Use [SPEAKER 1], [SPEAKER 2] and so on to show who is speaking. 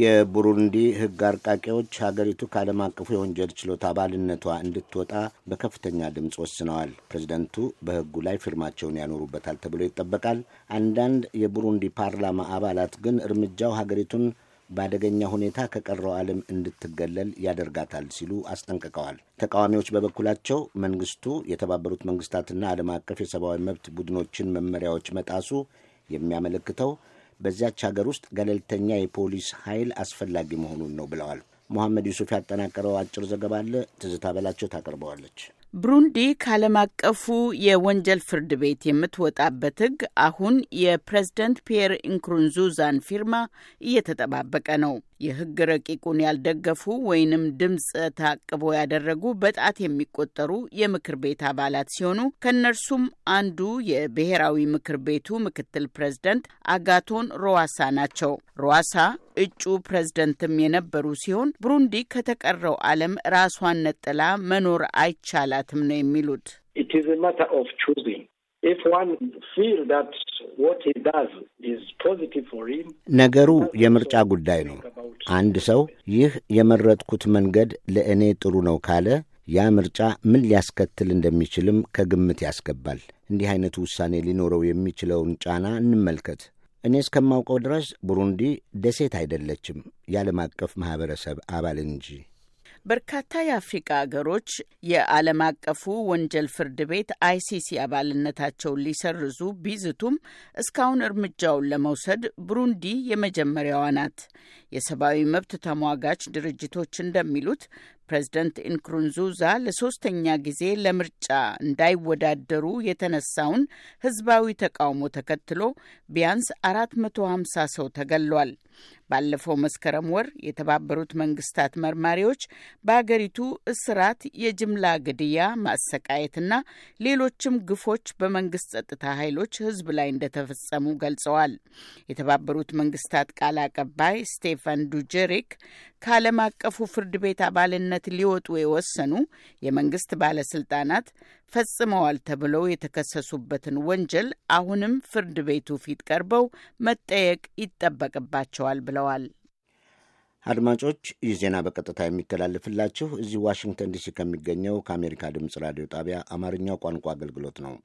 [SPEAKER 1] የቡሩንዲ ሕግ አርቃቂዎች ሀገሪቱ ከዓለም አቀፉ የወንጀል ችሎት አባልነቷ እንድትወጣ በከፍተኛ ድምፅ ወስነዋል። ፕሬዚደንቱ በሕጉ ላይ ፊርማቸውን ያኖሩበታል ተብሎ ይጠበቃል። አንዳንድ የቡሩንዲ ፓርላማ አባላት ግን እርምጃው ሀገሪቱን በአደገኛ ሁኔታ ከቀረው ዓለም እንድትገለል ያደርጋታል ሲሉ አስጠንቅቀዋል። ተቃዋሚዎች በበኩላቸው መንግስቱ የተባበሩት መንግስታትና ዓለም አቀፍ የሰብአዊ መብት ቡድኖችን መመሪያዎች መጣሱ የሚያመለክተው በዚያች ሀገር ውስጥ ገለልተኛ የፖሊስ ኃይል አስፈላጊ መሆኑን ነው ብለዋል። መሐመድ ዩሱፍ ያጠናቀረው አጭር ዘገባ አለ። ትዝታ በላቸው ታቀርበዋለች።
[SPEAKER 2] ብሩንዲ ከዓለም አቀፉ የወንጀል ፍርድ ቤት የምትወጣበት ሕግ አሁን የፕሬዝደንት ፒየር ኢንኩሩንዙዛን ፊርማ እየተጠባበቀ ነው። የህግ ረቂቁን ያልደገፉ ወይንም ድምፅ ታቅቦ ያደረጉ በጣት የሚቆጠሩ የምክር ቤት አባላት ሲሆኑ ከእነርሱም አንዱ የብሔራዊ ምክር ቤቱ ምክትል ፕሬዝደንት አጋቶን ሮዋሳ ናቸው። ሮዋሳ እጩ ፕሬዝደንትም የነበሩ ሲሆን ብሩንዲ ከተቀረው ዓለም ራሷን ነጥላ መኖር አይቻላትም ነው የሚሉት።
[SPEAKER 1] ነገሩ የምርጫ ጉዳይ ነው። አንድ ሰው ይህ የመረጥኩት መንገድ ለእኔ ጥሩ ነው ካለ ያ ምርጫ ምን ሊያስከትል እንደሚችልም ከግምት ያስገባል። እንዲህ አይነቱ ውሳኔ ሊኖረው የሚችለውን ጫና እንመልከት። እኔ እስከማውቀው ድረስ ቡሩንዲ ደሴት አይደለችም፣ የዓለም አቀፍ ማኅበረሰብ አባል እንጂ
[SPEAKER 2] በርካታ የአፍሪቃ አገሮች የዓለም አቀፉ ወንጀል ፍርድ ቤት አይሲሲ አባልነታቸውን ሊሰርዙ ቢዝቱም እስካሁን እርምጃውን ለመውሰድ ብሩንዲ የመጀመሪያዋ ናት። የሰብአዊ መብት ተሟጋች ድርጅቶች እንደሚሉት ፕሬዝደንት ኢንክሩንዙዛ ለሶስተኛ ጊዜ ለምርጫ እንዳይወዳደሩ የተነሳውን ህዝባዊ ተቃውሞ ተከትሎ ቢያንስ 450 ሰው ተገሏል። ባለፈው መስከረም ወር የተባበሩት መንግስታት መርማሪዎች በአገሪቱ እስራት፣ የጅምላ ግድያ፣ ማሰቃየትና ሌሎችም ግፎች በመንግስት ጸጥታ ኃይሎች ህዝብ ላይ እንደተፈጸሙ ገልጸዋል። የተባበሩት መንግስታት ቃል አቀባይ ስቴፋን ዱጀሪክ ከዓለም አቀፉ ፍርድ ቤት አባልነት ሊወጡ የወሰኑ የመንግስት ባለስልጣናት ፈጽመዋል ተብለው የተከሰሱበትን ወንጀል አሁንም ፍርድ ቤቱ ፊት ቀርበው መጠየቅ ይጠበቅባቸዋል ብለዋል።
[SPEAKER 1] አድማጮች፣ ይህ ዜና በቀጥታ የሚተላለፍላችሁ እዚህ ዋሽንግተን ዲሲ ከሚገኘው ከአሜሪካ ድምፅ ራዲዮ ጣቢያ አማርኛው ቋንቋ አገልግሎት ነው።